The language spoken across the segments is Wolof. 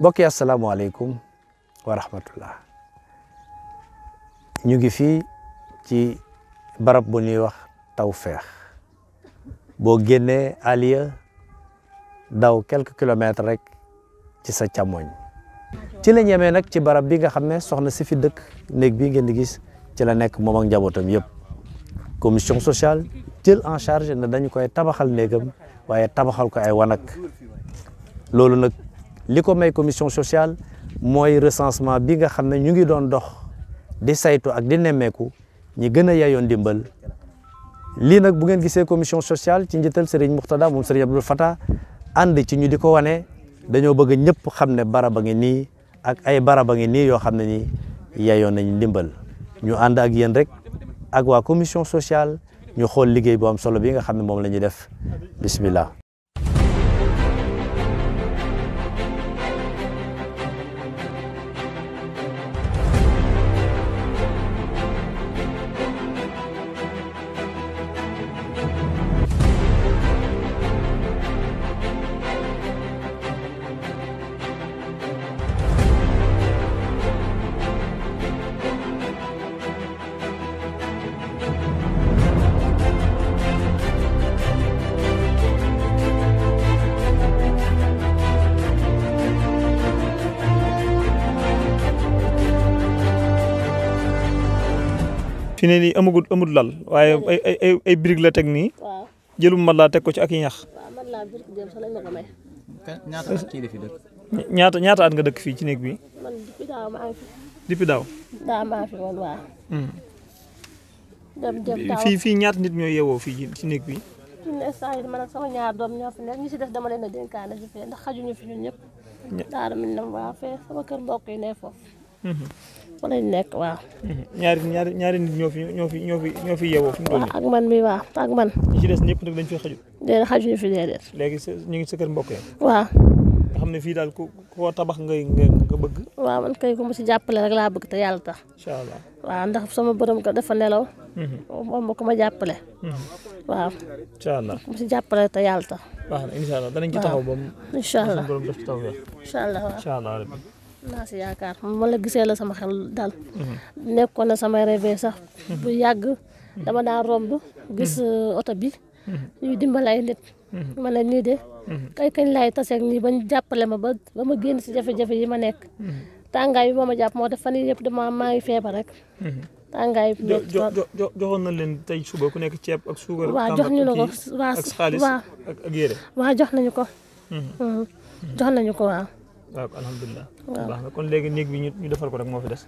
bokki yi asalaamaaleykum wa ñu ngi fii ci barab bu ñuy wax Tawfeex boo génnee Alieu daw quelques kilomètres rek ci sa càmmoñ ci la ñemee nag ci barab bi nga xam ne soxna si fi dëkk néeg bii ngeen di gis ci la nekk moom ak njabootam yëpp commission sociale jël en charge ne dañu koy tabaxal néegam waaye tabaxal ko ay wanak loolu nag li ko may commission sociale mooy recensement bi nga xam ne ñu ngi doon dox di saytu ak di nemmeeku ñi gën a yeyoon ndimbal lii nag bu ngeen gisee commission sociale ci njiital Serigne Muxtada moom Serigne Abdul Fata ànd ci ñu di ko wane dañoo bëgg ñëpp xam ne bara ngi nii ak ay baraba ngi nii yoo xam ne nii yeyoon nañu ndimbal ñu ànd ak yéen rek ak waa commission sociale ñu xool liggéey bu am solo bi nga xam ne moom la def bismillah fi ne nii amagul amul lal waaye ay ay la teg nii. jëlum mat laa teg ko ci ak i ñax. ñaata ñaata at nga dëkk fii ci néeg bi. depuis hmm. daaw. fii fii nit ñooy yeewoo fii ci néeg bi. ñun instant yii man ñaar doom ñoo fi nekk ñi si des dama leen a dénkaane si fee ndax xajuñu fi ñun ñëpp. daara mi nam waa fee sama kër mbokk ne foofu. Hmm. fa lañ nekk waaw. ñaari ñaari ñaari nit ñoo fi ñoo fi ñoo fi ñoo fi yeewoo. fi mu toll nii ak man mi waaw ak man. ñi ci des ñëpp nag dañ fi xaju. déedéet xajuñu fi déedéet. léegi ñu ngi sa kër mbokk yi. waaw. nga xam ne fii daal ku koo tabax ngay nga bëgg. waaw man kay ku ma si jàppale rek laa bëgg te yàlla tax. incha allah waaw ndax sama borom ko dafa nelaw. Mhm. moom ko ma jàppale. Mhm. waaw. incha allah ku ma si jàppale te yàlla tax. baax na incha allah danañ ci taxaw ba mu. incha allah borom def ci taw bi. incha allah waaw incha allah. naa si ma la gisee la sama xel dal nekkoon na sama rêve sax bu yàgg dama daan romb gis uh, oto bi ñuy dimbal ay nit ma ne nii de kay kañ laay taseeg nii ba jàppale ma ba ba ma génn si jafe-jafe yi ma nekk tàngaay bi moo ma jàpp moo def fan yii yëpp dama maa ngi feebar rek tàngaay bi joxoon nañ leen tey suba ku nekk ceeb ak suukar waaw jox ñu na ko waaw ak xaalis jox nañu ko mm-hmm. Mm-hmm. jox waaw alhamdulilah. na kon léegi néeg bi ñu defal ko rek moo fi des.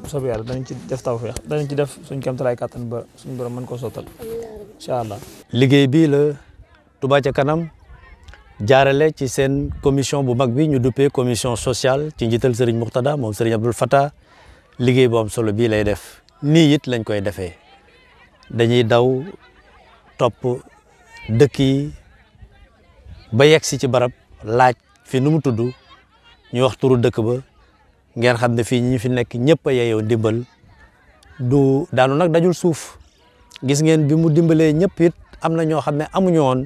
macha allah danañ ci def tawfeex danañ ci def suñ kéemtalaay kàttan ba suñ borom mën koo sottal incha allah. liggéey bii la Touba ca kanam jaarale ci seen commission bu mag bi ñu duppee commission sociale ci njiital Serigne Mouxtada moom Serigne Abdoul Fattah liggéey bu solo bii lay def nii it lañ koy defee dañuy daw topp dëkk yi ba yegg si ci barab laaj fi nu mu tudd. ñu wax turu dëkk ba ngeen xam ne fii ñu fi nekk ñëpp a yeyoo dimbal du daanu nag dajul suuf gis ngeen bi mu dimbalee ñëpp am na ñoo xam ne amuñu woon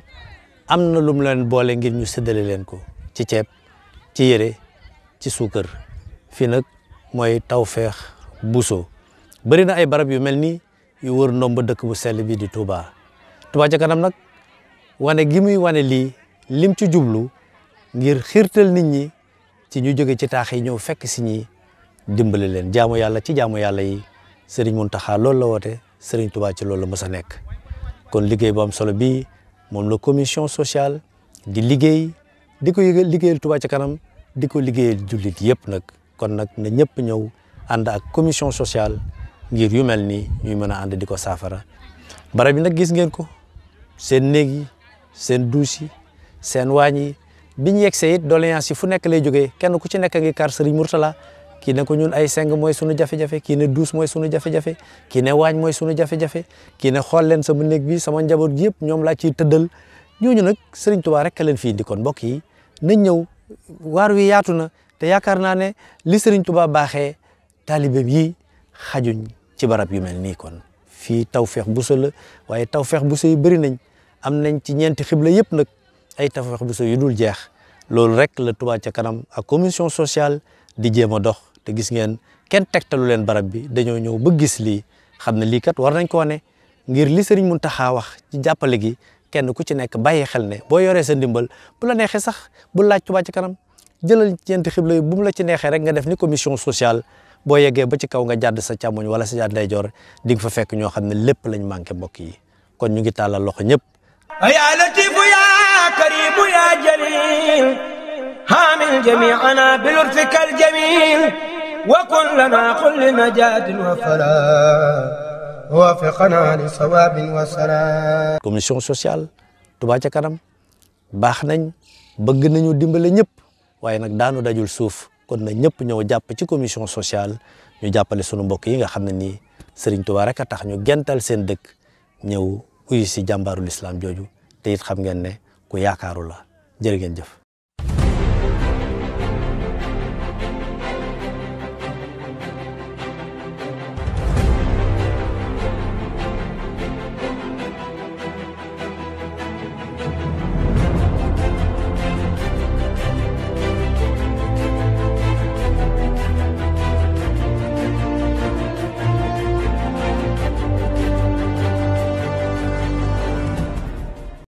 am na lu leen boole ngir ñu séddale leen ko ci ceeb ci yére ci suukar fii nag mooy Tawfekh Bousso bari na ay barab yu mel ni yu wër ndomba dëkk bu sell bi di Touba Touba ca kanam nag wane gi muy wane lii lim ci jublu ngir xiirtal nit ñi ci ñu jóge ci taax yi ñëw fekk si ñi dimbali leen jaamu yàlla ci jaamu yàlla yi Serigne Mountakha loolu la woote Serigne Touba ci loolu la mës a nekk kon liggéey bu am solo bii moom la commission sociale di liggéey di ko liggéeyal Touba ci kanam di ko liggéeyal jullit yëpp nag kon nag na ñëpp ñëw ànd ak commission sociale ngir yu mel nii ñuy mën a ànd di ko saafara barab bi nag gis ngeen ko seen néeg yi seen duus seen waañ yi bi ñu yegsee it doléance yi fu nekk lay jógee kenn ku ci nekk ngi kar Serigne Mourtala kii ne ko ñun ay seng mooy sunu jafe-jafe kii ne duus mooy sunu jafe-jafe kii ne waañ mooy sunu jafe-jafe kii ne xool leen sama néeg bi sama njaboot gi ñoom laa ciy tëddal ñooñu nag sëriñ Touba rek ka leen fi indi kon mbokk yi nañ ñëw waar wi yaatu na te yaakaar naa ne li Serigne Touba baaxee taalibeem yi xajuñ ci barab yu mel nii kon fii taw tawfeex buso la waaye tawfeex buso yi bëri nañ am nañ ci ñeenti xibla yëpp nag ay tafex bu so yu dul jeex loolu rek la Touba ca kanam a commission sociale di jéem a dox te gis ngeen kenn tegtalu leen barab bi dañoo ñëw ba gis lii xam ne lii kat war nañ koo ne ngir li Sëriñ Muntaxa wax ci jàppale gi kenn ku ci nekk bàyyi xel ne boo yoree sa ndimbal bu la neexee sax bu laaj Touba ca kanam jëlal ñeenti xibla yi bu mu la ci neexee rek nga def ni commission sociale boo yeggee ba ci kaw nga jàdd sa càmmoñ wala sa jàdd ndeyjoor di fa fekk ñoo xam ne lépp lañ manqué mbokk yi kon ñu ngi tàllal loxo ñëpp. القريب يا جليل هامل جميعنا بلطفك الجميل وكن لنا كل نجاة وفلاح waafaqnaa li sawaabin wa salaam. commission sociale Touba kanam baax nañ bëgg nañu dimbale ñëpp waaye nag daanu dajul suuf kon na ñëpp ñëw jàpp ci commission sociale ñu jàppale sunu mbokk yi nga xam ne nii Serigne Touba a tax ñu gental seen dëkk ñëw uyu si jàmbaarul jooju te it xam ngeen ne ku yaakaaru la jërë ngeen jëf